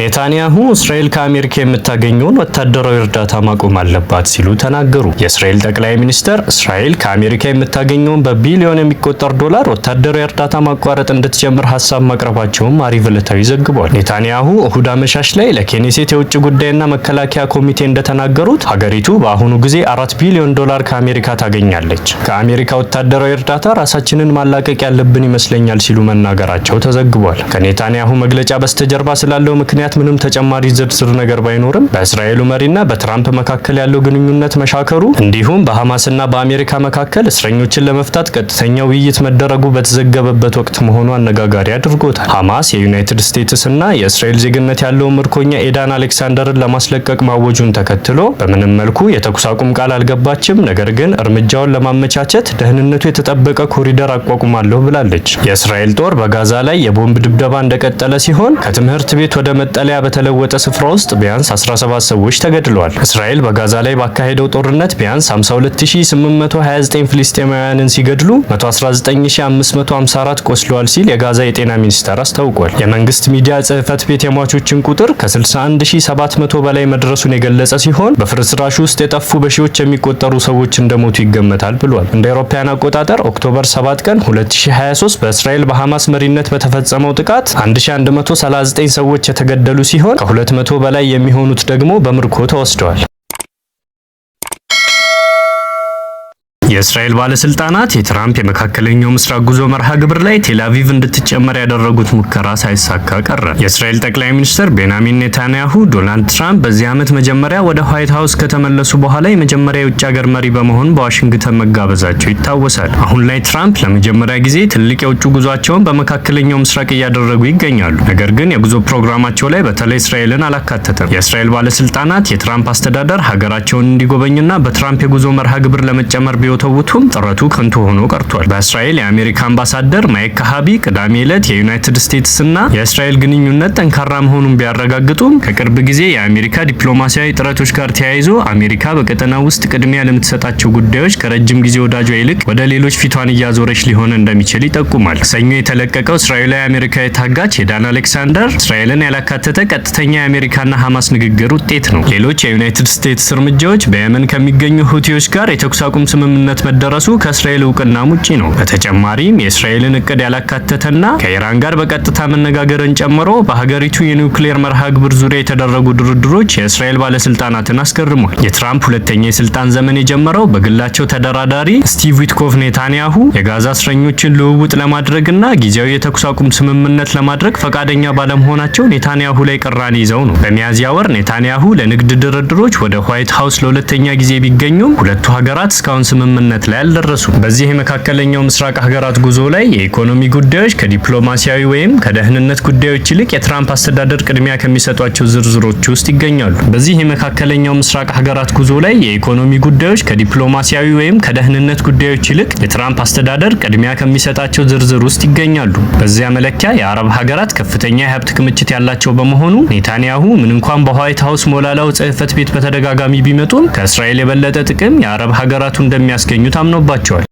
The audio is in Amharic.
ኔታንያሁ እስራኤል ከአሜሪካ የምታገኘውን ወታደራዊ እርዳታ ማቆም አለባት ሲሉ ተናገሩ። የእስራኤል ጠቅላይ ሚኒስትር እስራኤል ከአሜሪካ የምታገኘውን በቢሊዮን የሚቆጠር ዶላር ወታደራዊ እርዳታ ማቋረጥ እንድትጀምር ሀሳብ ማቅረባቸውም አሪቭ ዕለታዊ ዘግቧል። ኔታንያሁ እሁድ አመሻሽ ላይ ለኬኔሴት የውጭ ጉዳይና መከላከያ ኮሚቴ እንደተናገሩት ሀገሪቱ በአሁኑ ጊዜ አራት ቢሊዮን ዶላር ከአሜሪካ ታገኛለች። ከአሜሪካ ወታደራዊ እርዳታ ራሳችንን ማላቀቅ ያለብን ይመስለኛል ሲሉ መናገራቸው ተዘግቧል። ከኔታንያሁ መግለጫ በስተጀርባ ስላለው ምክንያት ምክንያት ምንም ተጨማሪ ዝርዝር ነገር ባይኖርም በእስራኤሉ መሪና በትራምፕ መካከል ያለው ግንኙነት መሻከሩ እንዲሁም በሐማስና በአሜሪካ መካከል እስረኞችን ለመፍታት ቀጥተኛ ውይይት መደረጉ በተዘገበበት ወቅት መሆኑ አነጋጋሪ አድርጎታል። ሐማስ የዩናይትድ ስቴትስ እና የእስራኤል ዜግነት ያለውን ምርኮኛ ኤዳን አሌክሳንደርን ለማስለቀቅ ማወጁን ተከትሎ በምንም መልኩ የተኩስ አቁም ቃል አልገባችም፣ ነገር ግን እርምጃውን ለማመቻቸት ደህንነቱ የተጠበቀ ኮሪደር አቋቁማለሁ ብላለች። የእስራኤል ጦር በጋዛ ላይ የቦምብ ድብደባ እንደቀጠለ ሲሆን ከትምህርት ቤት ወደ መጠ መጠለያ በተለወጠ ስፍራ ውስጥ ቢያንስ 17 ሰዎች ተገድለዋል። እስራኤል በጋዛ ላይ ባካሄደው ጦርነት ቢያንስ 52829 ፍልስጤማውያንን ሲገድሉ 119554 ቆስለዋል ሲል የጋዛ የጤና ሚኒስቴር አስታውቋል። የመንግስት ሚዲያ ጽህፈት ቤት የሟቾችን ቁጥር ከ61700 በላይ መድረሱን የገለጸ ሲሆን በፍርስራሽ ውስጥ የጠፉ በሺዎች የሚቆጠሩ ሰዎች እንደሞቱ ይገመታል ብሏል። እንደ አውሮፓውያን አቆጣጠር ኦክቶበር 7 ቀን 2023 በእስራኤል በሐማስ መሪነት በተፈጸመው ጥቃት 1139 ሰዎች የተገደ የተገደሉ ሲሆን ከሁለት መቶ በላይ የሚሆኑት ደግሞ በምርኮ ተወስደዋል። የእስራኤል ባለስልጣናት የትራምፕ የመካከለኛው ምስራቅ ጉዞ መርሃ ግብር ላይ ቴላቪቭ እንድትጨመር ያደረጉት ሙከራ ሳይሳካ ቀረ። የእስራኤል ጠቅላይ ሚኒስትር ቤንያሚን ኔታንያሁ ዶናልድ ትራምፕ በዚህ ዓመት መጀመሪያ ወደ ዋይት ሀውስ ከተመለሱ በኋላ የመጀመሪያ የውጭ ሀገር መሪ በመሆን በዋሽንግተን መጋበዛቸው ይታወሳል። አሁን ላይ ትራምፕ ለመጀመሪያ ጊዜ ትልቅ የውጭ ጉዟቸውን በመካከለኛው ምስራቅ እያደረጉ ይገኛሉ። ነገር ግን የጉዞ ፕሮግራማቸው ላይ በተለይ እስራኤልን አላካተተም። የእስራኤል ባለስልጣናት የትራምፕ አስተዳደር ሀገራቸውን እንዲጎበኝና በትራምፕ የጉዞ መርሃ ግብር ለመጨመር ቢወ ቢያውተውቱም ጥረቱ ከንቱ ሆኖ ቀርቷል። በእስራኤል የአሜሪካ አምባሳደር ማይክ ካሃቢ ቅዳሜ ዕለት የዩናይትድ ስቴትስና የእስራኤል ግንኙነት ጠንካራ መሆኑን ቢያረጋግጡም ከቅርብ ጊዜ የአሜሪካ ዲፕሎማሲያዊ ጥረቶች ጋር ተያይዞ አሜሪካ በቀጠና ውስጥ ቅድሚያ ለምትሰጣቸው ጉዳዮች ከረጅም ጊዜ ወዳጇ ይልቅ ወደ ሌሎች ፊቷን እያዞረች ሊሆን እንደሚችል ይጠቁማል። ሰኞ የተለቀቀው እስራኤላዊ አሜሪካዊ ታጋች የዳን አሌክሳንደር እስራኤልን ያላካተተ ቀጥተኛ የአሜሪካና ሐማስ ንግግር ውጤት ነው። ሌሎች የዩናይትድ ስቴትስ እርምጃዎች በየመን ከሚገኙ ሁቲዎች ጋር የተኩስ አቁም ስምምነት ስምምነት መደረሱ ከእስራኤል እውቅና ውጪ ነው። በተጨማሪም የእስራኤልን እቅድ ያላካተተና ከኢራን ጋር በቀጥታ መነጋገርን ጨምሮ በሀገሪቱ የኒውክሌር መርሃ ግብር ዙሪያ የተደረጉ ድርድሮች የእስራኤል ባለስልጣናትን አስገርሟል። የትራምፕ ሁለተኛ የስልጣን ዘመን የጀመረው በግላቸው ተደራዳሪ ስቲቭ ዊትኮቭ ኔታንያሁ የጋዛ እስረኞችን ልውውጥ ለማድረግና ጊዜያዊ የተኩስ አቁም ስምምነት ለማድረግ ፈቃደኛ ባለመሆናቸው ኔታንያሁ ላይ ቅራኔ ይዘው ነው። በሚያዝያ ወር ኔታንያሁ ለንግድ ድርድሮች ወደ ዋይት ሀውስ ለሁለተኛ ጊዜ ቢገኙም ሁለቱ ሀገራት እስካሁን ስምምነት ስምምነት ላይ አልደረሱም። በዚህ የመካከለኛው ምስራቅ ሀገራት ጉዞ ላይ የኢኮኖሚ ጉዳዮች ከዲፕሎማሲያዊ ወይም ከደህንነት ጉዳዮች ይልቅ የትራምፕ አስተዳደር ቅድሚያ ከሚሰጧቸው ዝርዝሮች ውስጥ ይገኛሉ። በዚህ የመካከለኛው ምስራቅ ሀገራት ጉዞ ላይ የኢኮኖሚ ጉዳዮች ከዲፕሎማሲያዊ ወይም ከደህንነት ጉዳዮች ይልቅ የትራምፕ አስተዳደር ቅድሚያ ከሚሰጣቸው ዝርዝር ውስጥ ይገኛሉ። በዚያ መለኪያ የአረብ ሀገራት ከፍተኛ የሀብት ክምችት ያላቸው በመሆኑ ኔታንያሁ ምን እንኳን በዋይት ሀውስ ሞላላው ጽህፈት ቤት በተደጋጋሚ ቢመጡም ከእስራኤል የበለጠ ጥቅም የአረብ ሀገራቱ እንደሚያስ እንደሚያስገኙ ታምኖባቸዋል።